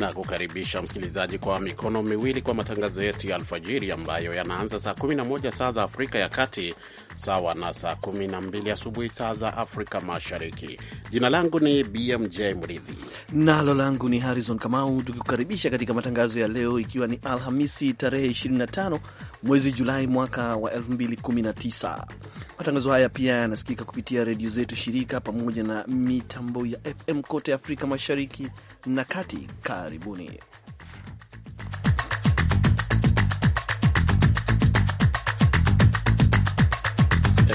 na kukaribisha msikilizaji kwa mikono miwili kwa matangazo yetu ya alfajiri ambayo yanaanza saa 11 saa za Afrika ya Kati, sawa na saa 12 asubuhi saa za Afrika Mashariki. Jina langu ni BMJ Mridhi nalo langu ni Harrison Kamau, tukikukaribisha katika matangazo ya leo, ikiwa ni Alhamisi tarehe 25 mwezi Julai mwaka wa 2019. Matangazo haya pia yanasikika kupitia redio zetu shirika pamoja na mitambo ya FM kote Afrika Mashariki na kati. Karibuni.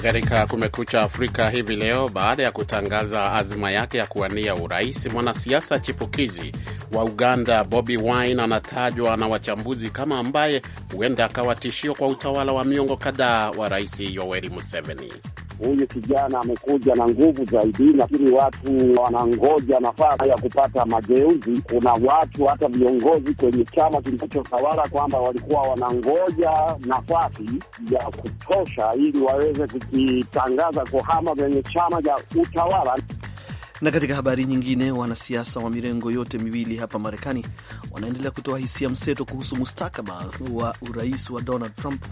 Katika Kumekucha Afrika hivi leo, baada ya kutangaza azma yake ya kuwania urais, mwanasiasa chipukizi wa Uganda Bobi Wine anatajwa na wachambuzi kama ambaye huenda akawa tishio kwa utawala wa miongo kadhaa wa Rais Yoweri Museveni huyu kijana amekuja na nguvu zaidi, lakini watu wanangoja nafasi ya kupata mageuzi. Kuna watu hata viongozi kwenye chama kilichotawala kwamba walikuwa wanangoja nafasi ya kutosha ili waweze kukitangaza kuhama kwenye chama cha utawala. Na katika habari nyingine, wanasiasa wa mirengo yote miwili hapa Marekani wanaendelea kutoa hisia mseto kuhusu mustakabali wa urais wa Donald Trump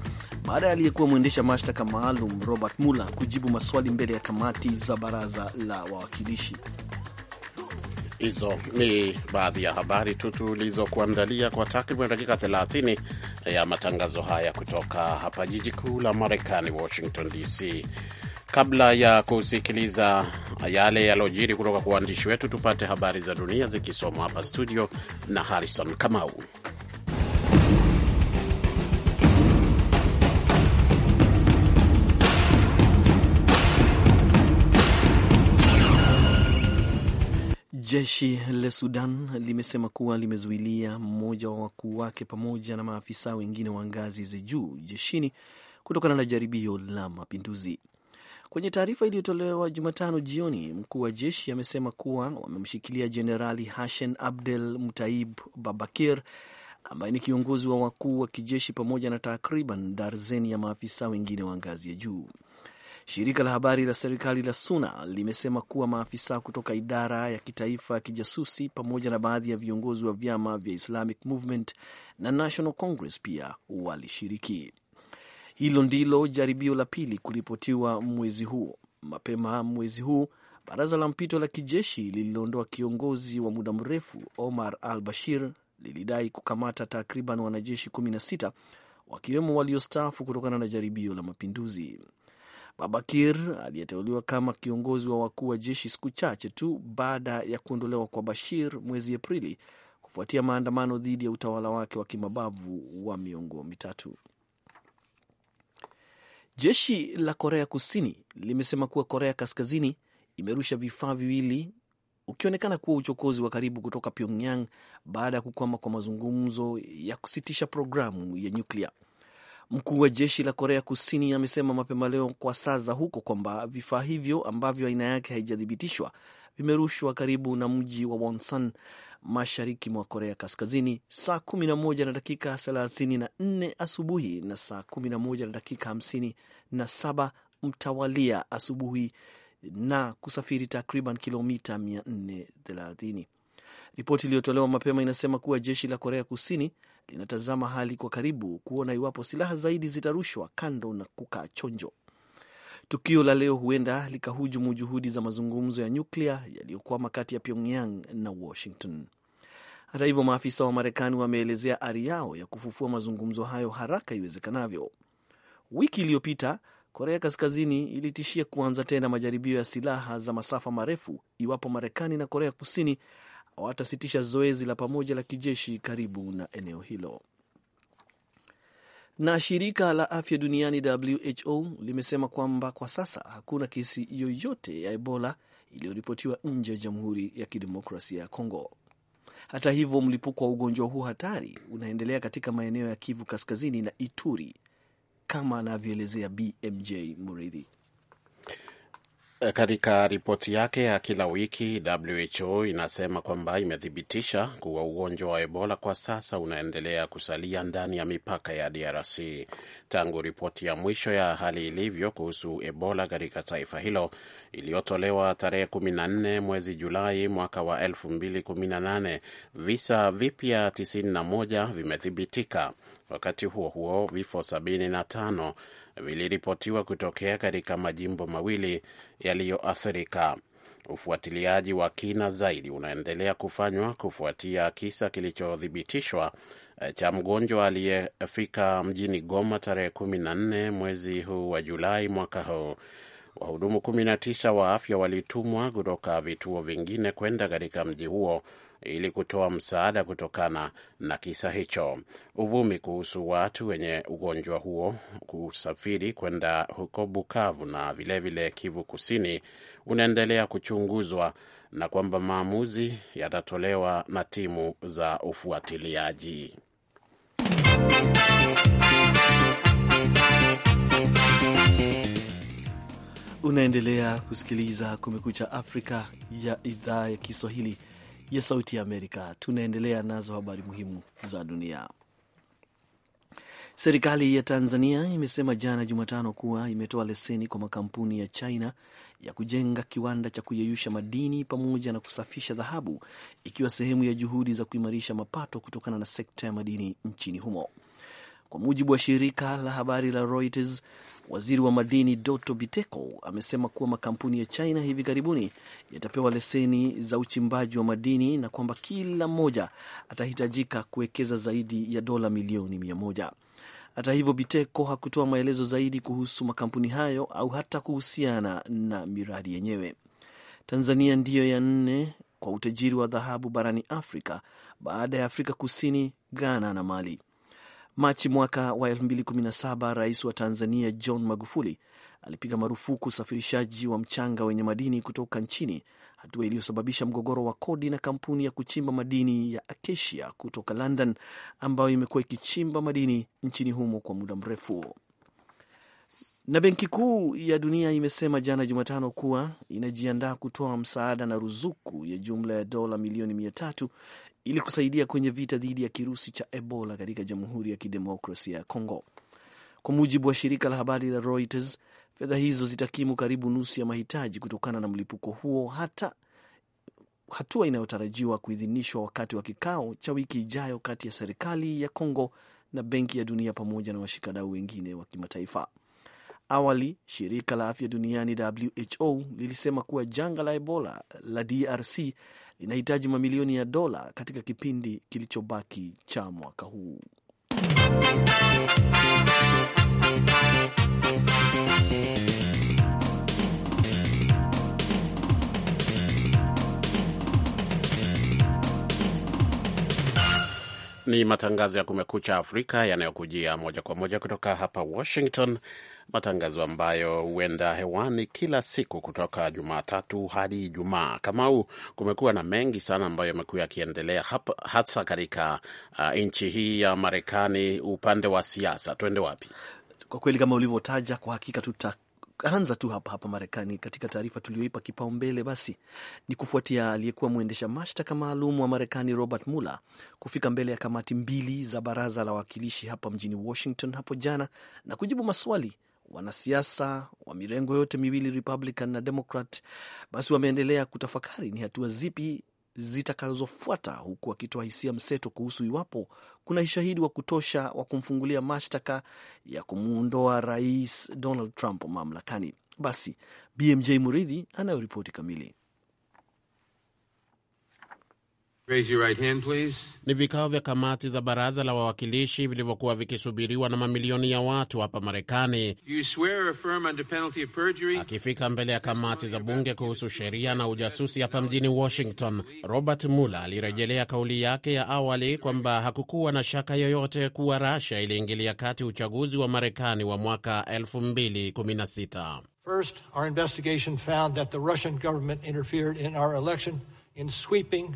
baada ya aliyekuwa mwendesha mashtaka maalum Robert Mueller kujibu maswali mbele ya kamati za baraza la wawakilishi. Hizo ni baadhi ya habari tu tulizokuandalia kwa takriban dakika 30 ya matangazo haya kutoka hapa jiji kuu la Marekani, Washington DC. Kabla ya kusikiliza yale yaliojiri kutoka kwa waandishi wetu, tupate habari za dunia zikisomwa hapa studio na Harrison Kamau. Jeshi la Sudan limesema kuwa limezuilia mmoja wa wakuu wake pamoja na maafisa wengine wa ngazi za juu jeshini kutokana na jaribio la mapinduzi. Kwenye taarifa iliyotolewa Jumatano jioni, mkuu wa jeshi amesema kuwa wamemshikilia Jenerali Hashen Abdel Mutaib Babakir ambaye ni kiongozi wa wakuu wa kijeshi pamoja na takriban darzeni ya maafisa wengine wa ngazi ya juu. Shirika la habari la serikali la SUNA limesema kuwa maafisa kutoka idara ya kitaifa ya kijasusi pamoja na baadhi ya viongozi wa vyama vya Islamic Movement na National Congress pia walishiriki. Hilo ndilo jaribio la pili kuripotiwa mwezi huu. Mapema mwezi huu baraza la mpito la kijeshi lililoondoa kiongozi wa muda mrefu Omar al Bashir lilidai kukamata takriban wanajeshi 16 wakiwemo waliostaafu kutokana na jaribio la mapinduzi. Babakir aliyeteuliwa kama kiongozi wa wakuu wa jeshi siku chache tu baada ya kuondolewa kwa Bashir mwezi Aprili kufuatia maandamano dhidi ya utawala wake wa kimabavu wa miongo mitatu. Jeshi la Korea Kusini limesema kuwa Korea Kaskazini imerusha vifaa viwili, ukionekana kuwa uchokozi wa karibu kutoka Pyongyang baada ya kukwama kwa mazungumzo ya kusitisha programu ya nyuklia. Mkuu wa jeshi la Korea Kusini amesema mapema leo kwa saa za huko kwamba vifaa hivyo ambavyo aina yake haijathibitishwa vimerushwa karibu na mji wa Wonsan mashariki mwa Korea Kaskazini, saa 11 na dakika 34 asubuhi na saa 11 na dakika 57 mtawalia asubuhi na kusafiri takriban kilomita 430. Ripoti iliyotolewa mapema inasema kuwa jeshi la Korea Kusini linatazama hali kwa karibu kuona iwapo silaha zaidi zitarushwa kando na kukaa chonjo. Tukio la leo huenda likahujumu juhudi za mazungumzo ya nyuklia yaliyokwama kati ya Pyongyang na Washington. Hata hivyo, maafisa wa Marekani wameelezea ari yao ya kufufua mazungumzo hayo haraka iwezekanavyo. Wiki iliyopita Korea Kaskazini ilitishia kuanza tena majaribio ya silaha za masafa marefu iwapo Marekani na Korea Kusini hawatasitisha zoezi la pamoja la kijeshi karibu na eneo hilo. Na shirika la afya duniani WHO limesema kwamba kwa sasa hakuna kesi yoyote ya Ebola iliyoripotiwa nje ya Jamhuri ya Kidemokrasia ya Kongo. Hata hivyo, mlipuko wa ugonjwa huu hatari unaendelea katika maeneo ya Kivu Kaskazini na Ituri, kama anavyoelezea BMJ Muridhi. Eh, katika ripoti yake ya kila wiki, WHO inasema kwamba imethibitisha kuwa ugonjwa wa Ebola kwa sasa unaendelea kusalia ndani ya mipaka ya DRC. Tangu ripoti ya mwisho ya hali ilivyo kuhusu Ebola katika taifa hilo iliyotolewa tarehe 14 mwezi Julai mwaka wa 2018, visa vipya 91 vimethibitika. Wakati huo huo, vifo 75 viliripotiwa kutokea katika majimbo mawili yaliyoathirika. Ufuatiliaji wa kina zaidi unaendelea kufanywa kufuatia kisa kilichothibitishwa eh, cha mgonjwa aliyefika mjini Goma tarehe kumi na nne mwezi huu wa Julai mwaka huu. Wahudumu 19 wa afya walitumwa kutoka vituo vingine kwenda katika mji huo ili kutoa msaada kutokana na kisa hicho. Uvumi kuhusu watu wenye ugonjwa huo kusafiri kwenda huko Bukavu na vilevile vile Kivu Kusini unaendelea kuchunguzwa na kwamba maamuzi yatatolewa na timu za ufuatiliaji. Unaendelea kusikiliza Kumekucha Afrika ya idhaa ya Kiswahili ya Sauti ya Amerika. Tunaendelea nazo habari muhimu za dunia. Serikali ya Tanzania imesema jana Jumatano kuwa imetoa leseni kwa makampuni ya China ya kujenga kiwanda cha kuyeyusha madini pamoja na kusafisha dhahabu ikiwa sehemu ya juhudi za kuimarisha mapato kutokana na sekta ya madini nchini humo. Kwa mujibu wa shirika la habari la Reuters, Waziri wa madini Doto Biteko amesema kuwa makampuni ya China hivi karibuni yatapewa leseni za uchimbaji wa madini na kwamba kila mmoja atahitajika kuwekeza zaidi ya dola milioni mia moja. Hata hivyo, Biteko hakutoa maelezo zaidi kuhusu makampuni hayo au hata kuhusiana na miradi yenyewe. Tanzania ndiyo ya nne kwa utajiri wa dhahabu barani Afrika baada ya Afrika Kusini, Ghana na Mali. Machi mwaka wa 2017 rais wa Tanzania John Magufuli alipiga marufuku usafirishaji wa mchanga wenye madini kutoka nchini, hatua iliyosababisha mgogoro wa kodi na kampuni ya kuchimba madini ya Acacia kutoka London ambayo imekuwa ikichimba madini nchini humo kwa muda mrefu. Na Benki Kuu ya Dunia imesema jana Jumatano kuwa inajiandaa kutoa msaada na ruzuku ya jumla ya dola milioni mia tatu ili kusaidia kwenye vita dhidi ya kirusi cha Ebola katika Jamhuri ya Kidemokrasia ya congo Kwa mujibu wa shirika la habari la Reuters, fedha hizo zitakimu karibu nusu ya mahitaji kutokana na mlipuko huo, hata hatua inayotarajiwa kuidhinishwa wakati wa kikao cha wiki ijayo kati ya serikali ya congo na Benki ya Dunia pamoja na washikadau wengine wa kimataifa. Awali shirika la afya duniani WHO lilisema kuwa janga la Ebola la DRC linahitaji mamilioni ya dola katika kipindi kilichobaki cha mwaka huu. Ni matangazo ya Kumekucha Afrika yanayokujia moja kwa moja kutoka hapa Washington matangazo ambayo huenda hewani kila siku kutoka Jumatatu hadi Ijumaa. Kamau, kumekuwa na mengi sana ambayo yamekuwa yakiendelea hasa katika uh, nchi hii ya Marekani upande wa siasa. tuende wapi? Kwa kweli kama ulivyotaja, kwa hakika tuta anza tu hapa hapa Marekani. Katika taarifa tuliyoipa kipaumbele, basi ni kufuatia aliyekuwa mwendesha mashtaka maalum wa Marekani Robert Mueller kufika mbele ya kamati mbili za baraza la wawakilishi hapa mjini Washington hapo jana na kujibu maswali wanasiasa wa mirengo yote miwili Republican na Democrat basi wameendelea kutafakari ni hatua zipi zitakazofuata huku wakitoa hisia mseto kuhusu iwapo kuna ushahidi wa kutosha wa kumfungulia mashtaka ya kumuondoa Rais Donald Trump mamlakani. Basi BMJ Muridhi anayoripoti kamili. Raise your right hand, please. Ni vikao vya kamati za baraza la wawakilishi vilivyokuwa vikisubiriwa na mamilioni ya watu hapa Marekani. Akifika mbele ya kamati za bunge kuhusu sheria na ujasusi hapa mjini Washington, Robert Mueller alirejelea kauli yake ya awali kwamba hakukuwa na shaka yoyote kuwa Russia iliingilia kati uchaguzi wa Marekani wa mwaka 2016. First, our investigation found that the Russian government interfered in our election in sweeping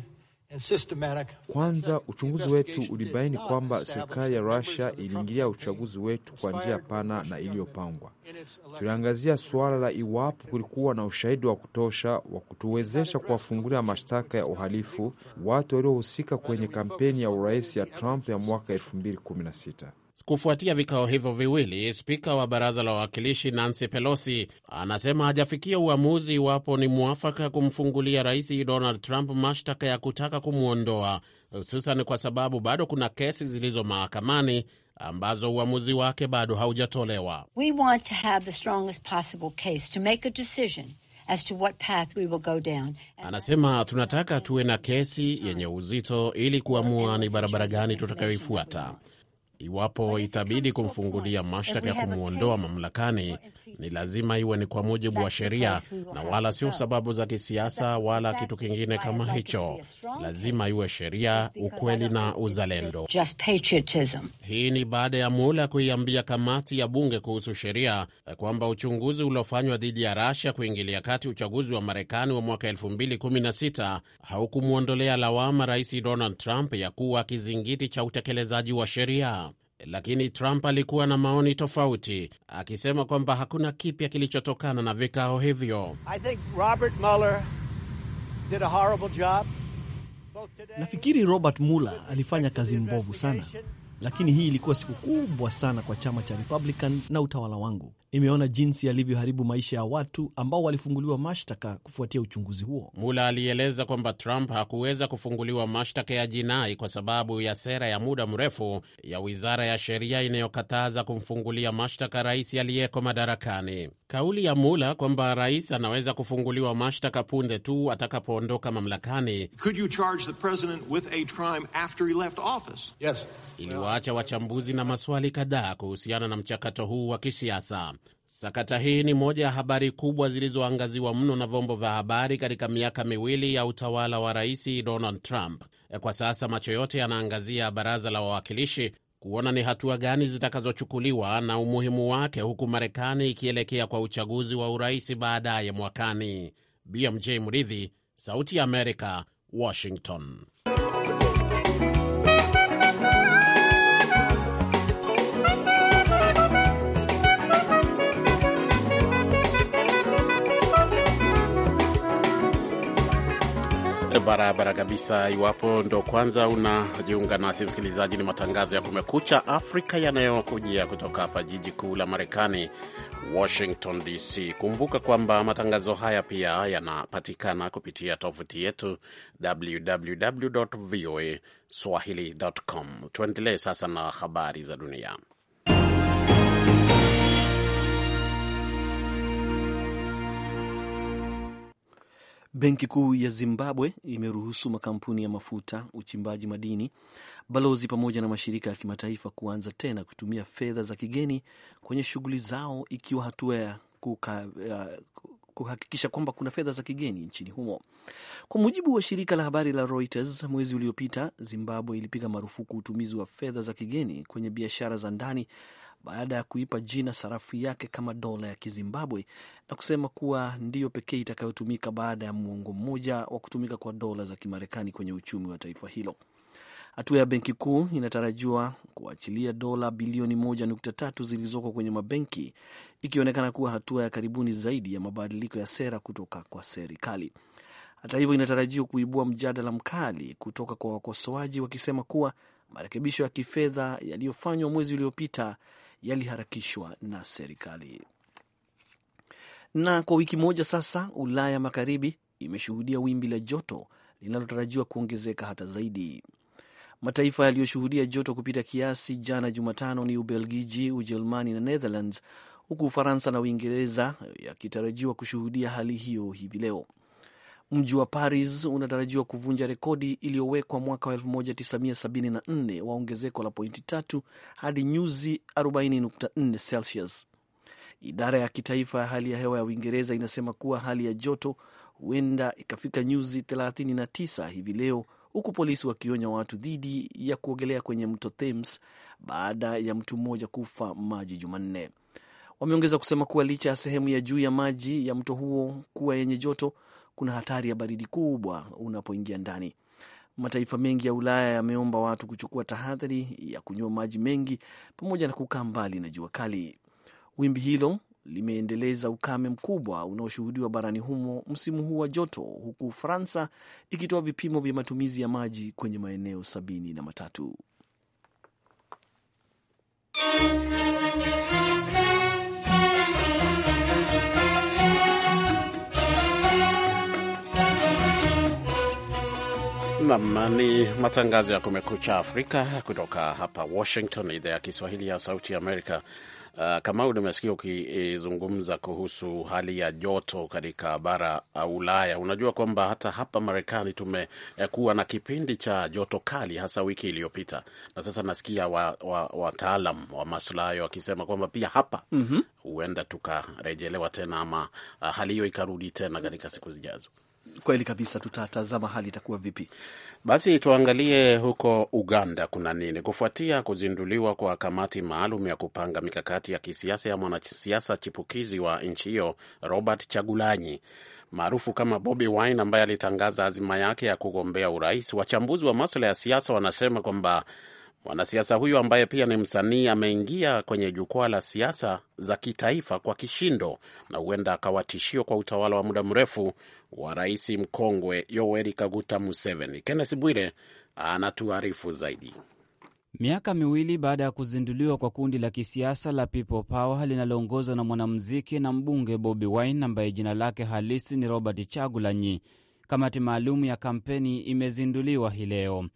kwanza uchunguzi wetu ulibaini kwamba serikali ya Russia iliingilia uchaguzi wetu kwa njia pana na iliyopangwa. Tuliangazia suala la iwapo kulikuwa na ushahidi wa kutosha wa kutuwezesha kuwafungulia mashtaka ya uhalifu watu waliohusika kwenye kampeni ya urais ya Trump ya mwaka 2016. Kufuatia vikao hivyo viwili, spika wa baraza la wawakilishi Nancy Pelosi anasema hajafikia uamuzi iwapo ni mwafaka kumfungulia rais Donald Trump mashtaka ya kutaka kumwondoa, hususan kwa sababu bado kuna kesi zilizo mahakamani ambazo uamuzi wake bado haujatolewa. We want to have the strongest possible case to make a decision. As to what path we will go down. Anasema tunataka tuwe na kesi yenye uzito ili kuamua ni barabara gani tutakayoifuata iwapo itabidi kumfungulia mashtaka ya kumwondoa mamlakani ni lazima iwe ni kwa mujibu wa sheria na wala sio sababu za kisiasa wala kitu kingine kama hicho. Lazima iwe sheria, ukweli na uzalendo. Hii ni baada ya Mula kuiambia kamati ya bunge kuhusu sheria kwamba uchunguzi uliofanywa dhidi ya Rasia kuingilia kati uchaguzi wa Marekani wa mwaka 2016 haukumwondolea lawama Rais Donald Trump ya kuwa kizingiti cha utekelezaji wa sheria lakini Trump alikuwa na maoni tofauti, akisema kwamba hakuna kipya kilichotokana na vikao hivyo. Nafikiri Robert Mueller alifanya kazi mbovu sana lakini hii ilikuwa siku kubwa sana kwa chama cha Republican na utawala wangu. Nimeona jinsi alivyoharibu maisha ya watu ambao walifunguliwa mashtaka kufuatia uchunguzi huo. Mula alieleza kwamba Trump hakuweza kufunguliwa mashtaka ya jinai kwa sababu ya sera ya muda mrefu ya wizara ya sheria inayokataza kumfungulia mashtaka rais aliyeko madarakani. Kauli ya Mula kwamba rais anaweza kufunguliwa mashtaka punde tu atakapoondoka mamlakani, Could you charge the president with a crime after he left office? Yes. Well, kuwaacha wachambuzi na maswali kadhaa kuhusiana na mchakato huu wa kisiasa. Sakata hii ni moja ya habari kubwa zilizoangaziwa mno na vyombo vya habari katika miaka miwili ya utawala wa Rais Donald Trump. E, kwa sasa macho yote yanaangazia baraza la wawakilishi kuona ni hatua gani zitakazochukuliwa na umuhimu wake, huku Marekani ikielekea kwa uchaguzi wa urais baadaye mwakani. BMJ Mridhi, Sauti ya Amerika, Washington. barabara kabisa. Iwapo ndo kwanza unajiunga nasi, msikilizaji, ni matangazo ya Kumekucha Afrika yanayokujia kutoka hapa jiji kuu la Marekani, Washington DC. Kumbuka kwamba matangazo haya pia yanapatikana kupitia tovuti yetu www voa swahili com. Tuendelee sasa na habari za dunia. Benki Kuu ya Zimbabwe imeruhusu makampuni ya mafuta, uchimbaji madini, balozi pamoja na mashirika ya kimataifa kuanza tena kutumia fedha za kigeni kwenye shughuli zao, ikiwa hatua ya kuhakikisha kwamba kuna fedha za kigeni nchini humo. Kwa mujibu wa shirika la habari la Reuters, mwezi uliopita Zimbabwe ilipiga marufuku utumizi wa fedha za kigeni kwenye biashara za ndani, baada ya kuipa jina sarafu yake kama dola ya Kizimbabwe na kusema kuwa ndiyo pekee itakayotumika baada ya muongo mmoja wa kutumika kwa dola za Kimarekani kwenye uchumi wa taifa hilo. Hatua ya benki kuu inatarajiwa kuachilia dola bilioni 1.3 zilizoko kwenye mabenki, ikionekana kuwa hatua ya karibuni zaidi ya mabadiliko ya sera kutoka kwa serikali. Hata hivyo, inatarajiwa kuibua mjadala mkali kutoka kwa wakosoaji, wakisema kuwa marekebisho ya kifedha yaliyofanywa mwezi uliopita yaliharakishwa na serikali. Na kwa wiki moja sasa, Ulaya Magharibi imeshuhudia wimbi la joto linalotarajiwa kuongezeka hata zaidi. Mataifa yaliyoshuhudia joto kupita kiasi jana Jumatano ni Ubelgiji, Ujerumani na Netherlands, huku Ufaransa na Uingereza yakitarajiwa kushuhudia hali hiyo hivi leo. Mji wa Paris unatarajiwa kuvunja rekodi iliyowekwa mwaka wa 1974 wa ongezeko la pointi tatu hadi nyuzi 40.4 Celsius. Idara ya kitaifa ya hali ya hewa ya Uingereza inasema kuwa hali ya joto huenda ikafika nyuzi 39 hivi leo, huku polisi wakionya watu dhidi ya kuogelea kwenye mto Thames baada ya mtu mmoja kufa maji Jumanne. Wameongeza kusema kuwa licha ya sehemu ya juu ya maji ya mto huo kuwa yenye joto, kuna hatari ya baridi kubwa unapoingia ndani. Mataifa mengi ya Ulaya yameomba watu kuchukua tahadhari ya kunywa maji mengi pamoja na kukaa mbali na jua kali. Wimbi hilo limeendeleza ukame mkubwa unaoshuhudiwa barani humo msimu huu wa joto, huku Ufaransa ikitoa vipimo vya matumizi ya maji kwenye maeneo sabini na matatu. Nam ni matangazo ya Kumekucha Afrika kutoka hapa Washington, idhaa ya Kiswahili ya Sauti Amerika. Uh, Kamau, nimesikia ukizungumza kuhusu hali ya joto katika bara uh, Ulaya. Unajua kwamba hata hapa Marekani tumekuwa na kipindi cha joto kali, hasa wiki iliyopita, na sasa nasikia wataalam wa, wa, wa hayo wakisema kwamba pia hapa mhm. huenda mm -hmm. tukarejelewa tena ama uh, hali hiyo ikarudi tena katika siku zijazo. Kweli kabisa, tutatazama hali itakuwa vipi. Basi tuangalie huko Uganda kuna nini. Kufuatia kuzinduliwa kwa kamati maalum ya kupanga mikakati ya kisiasa ya mwanasiasa chipukizi wa nchi hiyo Robert Chagulanyi maarufu kama Bobi Wine ambaye alitangaza azima yake ya kugombea urais, wachambuzi wa maswala ya siasa wanasema kwamba Mwanasiasa huyo ambaye pia ni msanii ameingia kwenye jukwaa la siasa za kitaifa kwa kishindo na huenda akawa tishio kwa utawala wa muda mrefu wa rais mkongwe Yoweri Kaguta Museveni. kennes Bwire anatuarifu zaidi. Miaka miwili baada ya kuzinduliwa kwa kundi la kisiasa la People Power linaloongozwa na mwanamuziki na mbunge Bobi Wine ambaye jina lake halisi ni Robert Chagulanyi, kamati maalum ya kampeni imezinduliwa hii leo.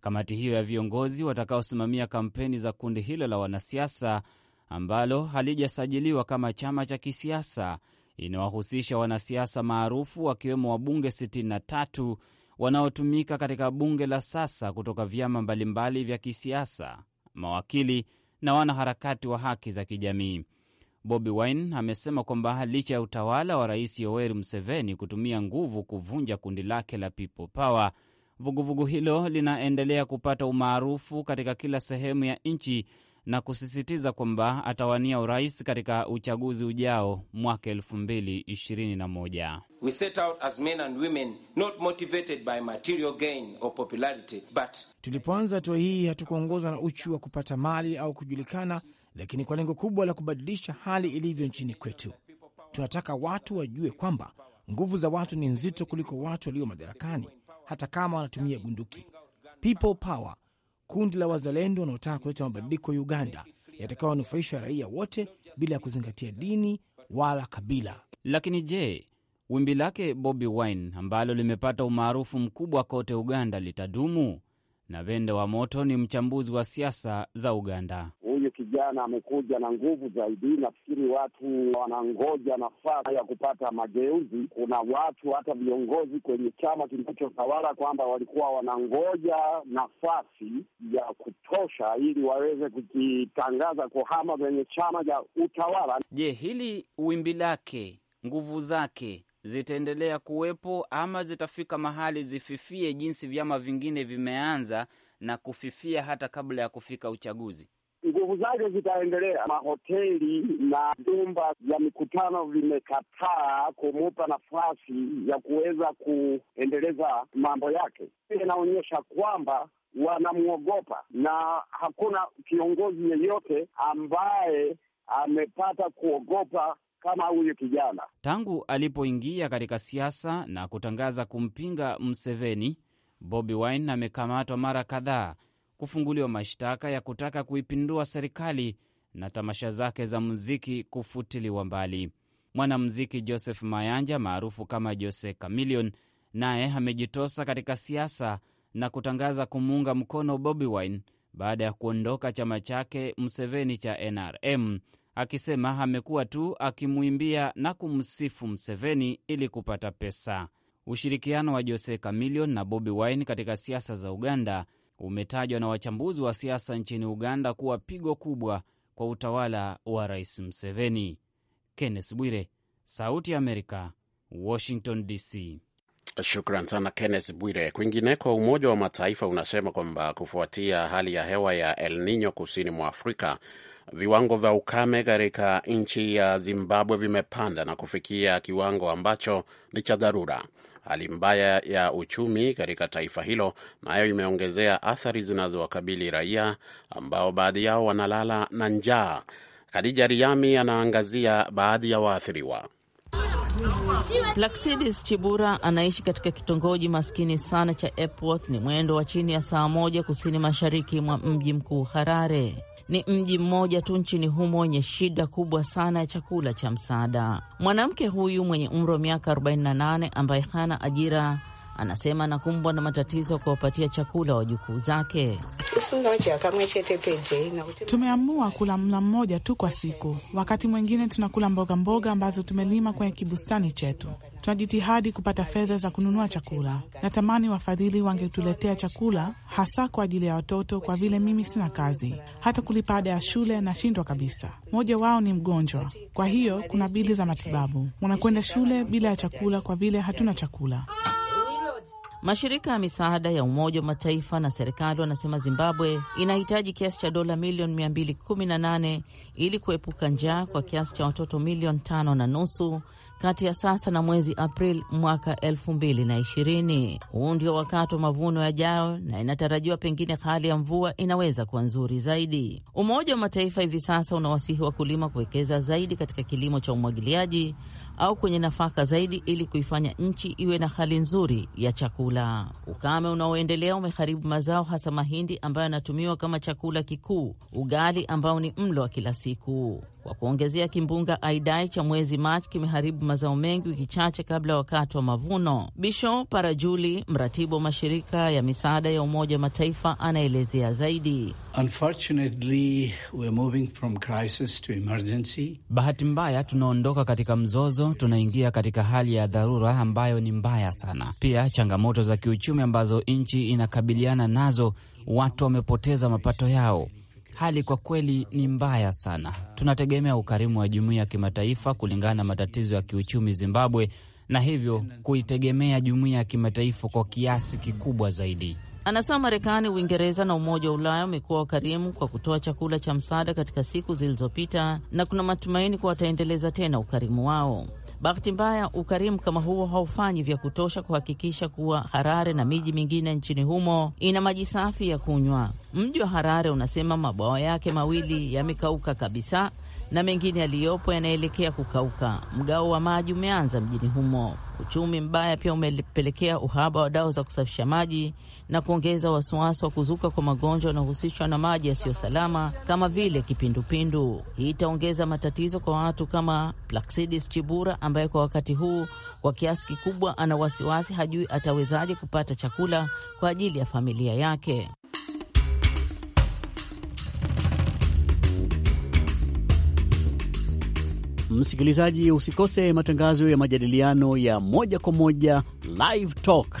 Kamati hiyo ya viongozi watakaosimamia kampeni za kundi hilo la wanasiasa ambalo halijasajiliwa kama chama cha kisiasa inawahusisha wanasiasa maarufu wakiwemo wabunge 63 wanaotumika katika bunge la sasa kutoka vyama mbalimbali vya kisiasa, mawakili na wanaharakati wa haki za kijamii. Bobi Wine amesema kwamba licha ya utawala wa Rais Yoweri Museveni kutumia nguvu kuvunja kundi lake la People Power Vuguvugu hilo linaendelea kupata umaarufu katika kila sehemu ya nchi na kusisitiza kwamba atawania urais katika uchaguzi ujao mwaka 2021. We set out as men and women not motivated by material gain or popularity but... Tulipoanza hatua hii hatukuongozwa na uchu wa kupata mali au kujulikana, lakini kwa lengo kubwa la kubadilisha hali ilivyo nchini kwetu. Tunataka watu wajue kwamba nguvu za watu ni nzito kuliko watu walio madarakani hata kama wanatumia bunduki. People Power, kundi la wazalendo wanaotaka kuleta mabadiliko ya Uganda yatakayowanufaisha raia wote bila ya kuzingatia dini wala kabila. Lakini je, wimbi lake Bobi Wine ambalo limepata umaarufu mkubwa kote Uganda litadumu? Na Vende wa Moto ni mchambuzi wa siasa za Uganda jana amekuja na nguvu zaidi. Nafikiri watu wanangoja nafasi ya kupata mageuzi. Kuna watu hata viongozi kwenye chama kinachotawala kwamba walikuwa wanangoja nafasi ya kutosha ili waweze kujitangaza kuhama kwenye chama cha utawala. Je, hili wimbi lake, nguvu zake zitaendelea kuwepo ama zitafika mahali zififie, jinsi vyama vingine vimeanza na kufifia hata kabla ya kufika uchaguzi? nguvu zake zitaendelea. Mahoteli na vyumba vya mikutano vimekataa kumupa nafasi ya kuweza kuendeleza mambo yake. inaonyesha kwamba wanamwogopa na hakuna kiongozi yeyote ambaye amepata kuogopa kama huyu kijana tangu alipoingia katika siasa na kutangaza kumpinga Mseveni. Bobi Wine amekamatwa mara kadhaa kufunguliwa mashtaka ya kutaka kuipindua serikali na tamasha zake za muziki kufutiliwa mbali. Mwanamuziki Joseph Mayanja maarufu kama Jose Chameleone naye amejitosa katika siasa na kutangaza kumuunga mkono Bobi Wine baada ya kuondoka chama chake Mseveni cha NRM, akisema amekuwa tu akimwimbia na kumsifu Mseveni ili kupata pesa. Ushirikiano wa Jose Chameleone na Bobi Wine katika siasa za Uganda umetajwa na wachambuzi wa siasa nchini Uganda kuwa pigo kubwa kwa utawala wa Rais Museveni. Kenneth Bwire, Sauti ya Amerika, Washington DC. Shukran sana Kenneth Bwire. Kwingineko, Umoja wa Mataifa unasema kwamba kufuatia hali ya hewa ya El Nino kusini mwa Afrika, viwango vya ukame katika nchi ya Zimbabwe vimepanda na kufikia kiwango ambacho ni cha dharura hali mbaya ya uchumi katika taifa hilo nayo na imeongezea athari zinazowakabili raia ambao baadhi yao wanalala na njaa. Khadija Riami anaangazia baadhi ya waathiriwa. Laksidis Chibura anaishi katika kitongoji maskini sana cha Epworth, ni mwendo wa chini ya saa moja kusini mashariki mwa mji mkuu Harare ni mji mmoja tu nchini humo wenye shida kubwa sana ya chakula cha msaada. Mwanamke huyu mwenye umri wa miaka 48 ambaye hana ajira anasema anakumbwa na matatizo kwa kuwapatia chakula wajukuu zake. Tumeamua kula mla mmoja tu kwa siku, wakati mwingine tunakula mboga mboga ambazo tumelima kwenye kibustani chetu. Tunajitahidi kupata fedha za kununua chakula. Natamani wafadhili wangetuletea chakula, hasa kwa ajili ya watoto, kwa vile mimi sina kazi. Hata kulipa ada ya shule nashindwa kabisa. Mmoja wao ni mgonjwa, kwa hiyo kuna bili za matibabu. Wanakwenda shule bila ya chakula, kwa vile hatuna chakula. Mashirika ya misaada ya Umoja wa Mataifa na serikali wanasema Zimbabwe inahitaji kiasi cha dola milioni 218 ili kuepuka njaa kwa kiasi cha watoto milioni tano na nusu kati ya sasa na mwezi Aprili mwaka 2020. Huu ndio wakati wa mavuno yajayo, na inatarajiwa pengine hali ya mvua inaweza kuwa nzuri zaidi. Umoja wa Mataifa hivi sasa unawasihi wakulima kuwekeza zaidi katika kilimo cha umwagiliaji au kwenye nafaka zaidi ili kuifanya nchi iwe na hali nzuri ya chakula. Ukame unaoendelea umeharibu mazao, hasa mahindi ambayo yanatumiwa kama chakula kikuu, ugali ambao ni mlo wa kila siku. Kwa kuongezea, kimbunga Aidai cha mwezi Machi kimeharibu mazao mengi wiki chache kabla ya wakati wa mavuno. Bisho Parajuli, mratibu wa mashirika ya misaada ya Umoja wa Mataifa, anaelezea zaidi. Bahati mbaya, tunaondoka katika mzozo, tunaingia katika hali ya dharura ambayo ni mbaya sana. Pia changamoto za kiuchumi ambazo nchi inakabiliana nazo, watu wamepoteza mapato yao Hali kwa kweli ni mbaya sana. Tunategemea ukarimu wa jumuiya ya kimataifa kulingana na matatizo ya kiuchumi Zimbabwe, na hivyo kuitegemea jumuiya ya kimataifa kwa kiasi kikubwa zaidi. Anasema Marekani, Uingereza na Umoja wa Ulaya wamekuwa wakarimu kwa kutoa chakula cha msaada katika siku zilizopita, na kuna matumaini kuwa wataendeleza tena ukarimu wao. Bahati mbaya, ukarimu kama huo haufanyi vya kutosha kuhakikisha kuwa Harare na miji mingine nchini humo ina maji safi ya kunywa. Mji wa Harare unasema mabwawa yake mawili yamekauka kabisa na mengine yaliyopo yanaelekea kukauka. Mgao wa maji umeanza mjini humo. Uchumi mbaya pia umepelekea uhaba wa dawa za kusafisha maji na kuongeza wasiwasi wa kuzuka kwa magonjwa yanayohusishwa na maji yasiyo salama kama vile kipindupindu. Hii itaongeza matatizo kwa watu kama Plaxidis Chibura ambaye kwa wakati huu kwa kiasi kikubwa ana wasiwasi, hajui atawezaje kupata chakula kwa ajili ya familia yake. Msikilizaji, usikose matangazo ya majadiliano ya moja kwa moja Live Talk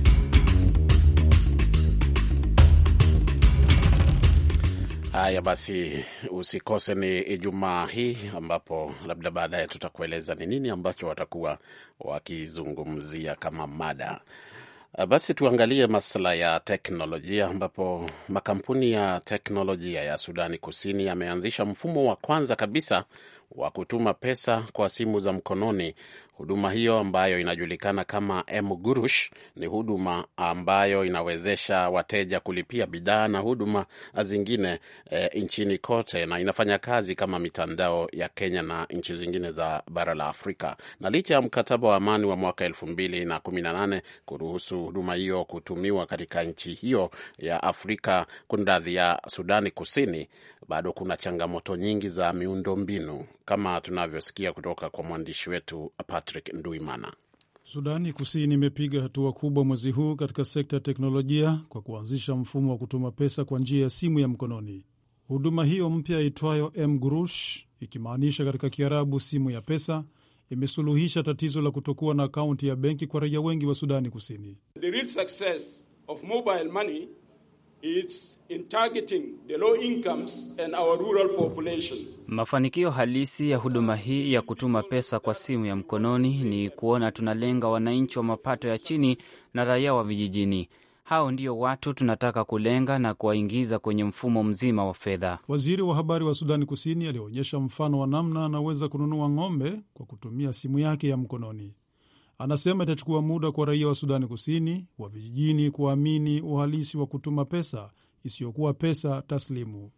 Haya basi, usikose ni Ijumaa hii ambapo labda baadaye tutakueleza ni nini ambacho watakuwa wakizungumzia kama mada. Ah, basi tuangalie masuala ya teknolojia ambapo makampuni ya teknolojia ya Sudani Kusini yameanzisha mfumo wa kwanza kabisa wa kutuma pesa kwa simu za mkononi Huduma hiyo ambayo inajulikana kama mgurush ni huduma ambayo inawezesha wateja kulipia bidhaa na huduma zingine e, nchini kote na inafanya kazi kama mitandao ya Kenya na nchi zingine za bara la Afrika. Na licha ya mkataba wa amani wa mwaka elfu mbili na kumi na nane kuruhusu huduma hiyo kutumiwa katika nchi hiyo ya Afrika kundadhi ya Sudani Kusini, bado kuna changamoto nyingi za miundombinu kama tunavyosikia kutoka kwa mwandishi wetu Patrick Nduimana. Sudani Kusini imepiga hatua kubwa mwezi huu katika sekta ya teknolojia kwa kuanzisha mfumo wa kutuma pesa kwa njia ya simu ya mkononi. Huduma hiyo mpya itwayo mgurush, ikimaanisha katika Kiarabu simu ya pesa, imesuluhisha tatizo la kutokuwa na akaunti ya benki kwa raia wengi wa Sudani Kusini. The real success of mobile money It's in targeting the low incomes and our rural population. Mafanikio halisi ya huduma hii ya kutuma pesa kwa simu ya mkononi ni kuona tunalenga wananchi wa mapato ya chini na raia wa vijijini. Hao ndio watu tunataka kulenga na kuwaingiza kwenye mfumo mzima wa fedha. Waziri wa habari wa Sudani Kusini alionyesha mfano wa namna anaweza kununua ng'ombe kwa kutumia simu yake ya mkononi. Anasema itachukua muda kwa raia wa Sudani Kusini wa vijijini kuamini uhalisi wa kutuma pesa isiyokuwa pesa taslimu.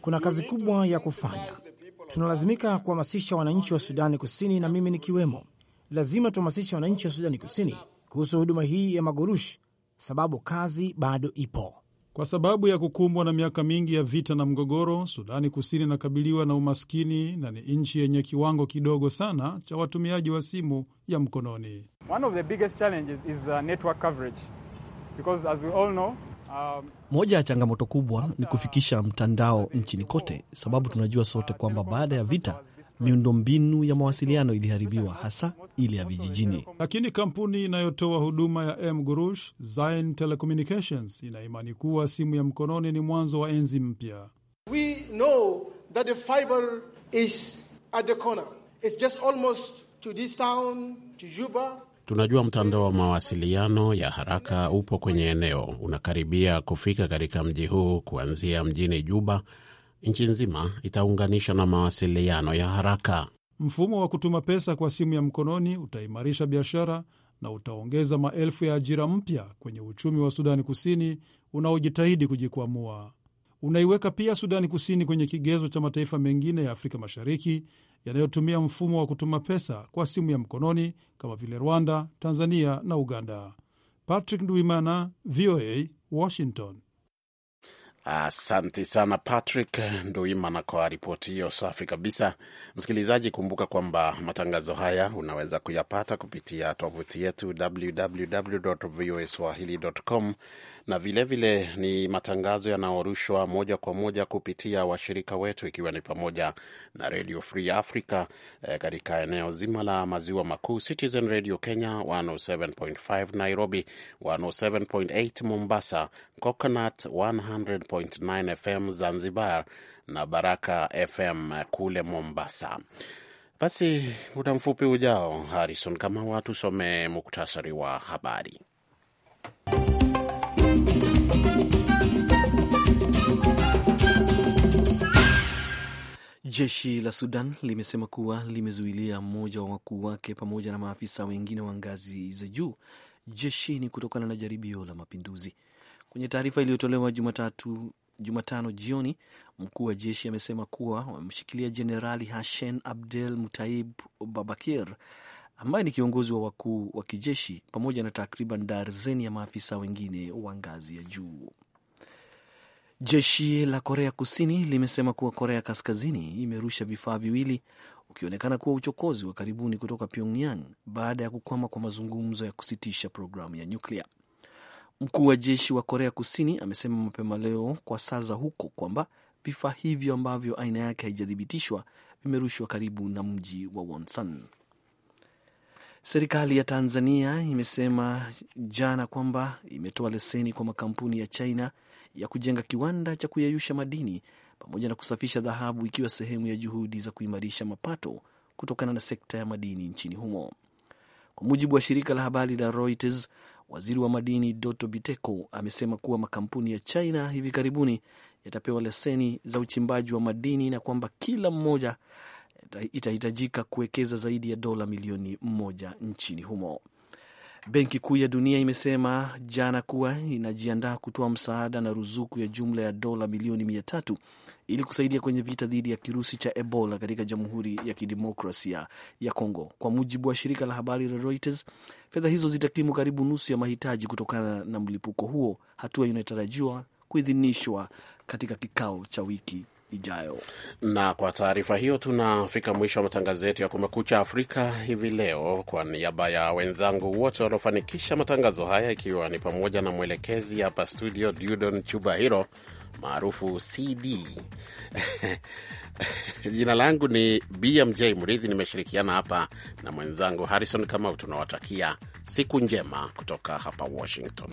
Kuna kazi kubwa ya kufanya. Tunalazimika kuhamasisha wananchi wa Sudani Kusini na mimi nikiwemo. Lazima tuhamasishe wananchi wa Sudani Kusini kuhusu huduma hii ya magurushi, sababu kazi bado ipo. Kwa sababu ya kukumbwa na miaka mingi ya vita na mgogoro, Sudani Kusini inakabiliwa na umaskini na ni nchi yenye kiwango kidogo sana cha watumiaji wa simu ya mkononi. One of the biggest challenges is uh, network coverage because as we all know um, moja ya changamoto kubwa ni uh, kufikisha mtandao nchini kote, sababu tunajua sote kwamba baada ya vita miundombinu ya mawasiliano iliharibiwa, hasa ile ya vijijini. Lakini kampuni inayotoa huduma ya mgurush Zain Telecommunications ina imani kuwa simu ya mkononi ni mwanzo wa enzi mpya. Tunajua mtandao wa mawasiliano ya haraka upo kwenye eneo, unakaribia kufika katika mji huu kuanzia mjini Juba nchi nzima itaunganishwa na mawasiliano ya haraka. Mfumo wa kutuma pesa kwa simu ya mkononi utaimarisha biashara na utaongeza maelfu ya ajira mpya kwenye uchumi wa Sudani Kusini unaojitahidi kujikwamua. Unaiweka pia Sudani Kusini kwenye kigezo cha mataifa mengine ya Afrika Mashariki yanayotumia mfumo wa kutuma pesa kwa simu ya mkononi kama vile Rwanda, Tanzania na Uganda. Patrick Ndwimana, VOA, Washington. Asante sana Patrick Nduimana kwa ripoti hiyo safi kabisa. Msikilizaji, kumbuka kwamba matangazo haya unaweza kuyapata kupitia tovuti yetu www voa swahili com na vilevile vile ni matangazo yanayorushwa moja kwa moja kupitia washirika wetu ikiwa ni pamoja na Radio Free Africa e, katika eneo zima la maziwa makuu, Citizen Radio Kenya 107.5 Nairobi, 107.8 Mombasa, Coconut 100.9 FM Zanzibar na Baraka FM kule Mombasa. Basi muda mfupi ujao, Harrison kama watu some muktasari wa habari. Jeshi la Sudan limesema kuwa limezuilia mmoja wa wakuu wake pamoja na maafisa wengine wa ngazi za juu jeshini kutokana na jaribio la mapinduzi. Kwenye taarifa iliyotolewa Jumatatu Jumatano jioni, mkuu wa jeshi amesema kuwa wamemshikilia Jenerali Hashen Abdel Mutaib Babakir ambaye ni kiongozi wa wakuu wa kijeshi pamoja na takriban darzeni ya maafisa wengine wa ngazi ya juu. Jeshi la Korea Kusini limesema kuwa Korea Kaskazini imerusha vifaa viwili, ukionekana kuwa uchokozi wa karibuni kutoka Pyongyang baada ya kukwama kwa mazungumzo ya kusitisha programu ya nyuklia. Mkuu wa jeshi wa Korea Kusini amesema mapema leo kwa saa za huko kwamba vifaa hivyo ambavyo aina yake haijathibitishwa vimerushwa karibu na mji wa Wonsan. Serikali ya Tanzania imesema jana kwamba imetoa leseni kwa makampuni ya China ya kujenga kiwanda cha kuyeyusha madini pamoja na kusafisha dhahabu ikiwa sehemu ya juhudi za kuimarisha mapato kutokana na sekta ya madini nchini humo. Kwa mujibu wa shirika la habari la Reuters, waziri wa madini Doto Biteko amesema kuwa makampuni ya China hivi karibuni yatapewa leseni za uchimbaji wa madini na kwamba kila mmoja itahitajika kuwekeza zaidi ya dola milioni moja nchini humo. Benki Kuu ya Dunia imesema jana kuwa inajiandaa kutoa msaada na ruzuku ya jumla ya dola milioni mia tatu ili kusaidia kwenye vita dhidi ya kirusi cha Ebola katika Jamhuri ya Kidemokrasia ya Kongo. Kwa mujibu wa shirika la habari la Reuters, fedha hizo zitakimu karibu nusu ya mahitaji kutokana na mlipuko huo, hatua inayotarajiwa kuidhinishwa katika kikao cha wiki ijayo. Na kwa taarifa hiyo tunafika mwisho wa matangazo yetu ya Kumekucha Afrika hivi leo. Kwa niaba ya wenzangu wote wanaofanikisha matangazo haya, ikiwa ni pamoja na mwelekezi hapa studio Dudon chuba hiro maarufu CD jina langu ni BMJ mridhi nimeshirikiana hapa na mwenzangu Harrison Kamau. Tunawatakia siku njema kutoka hapa Washington.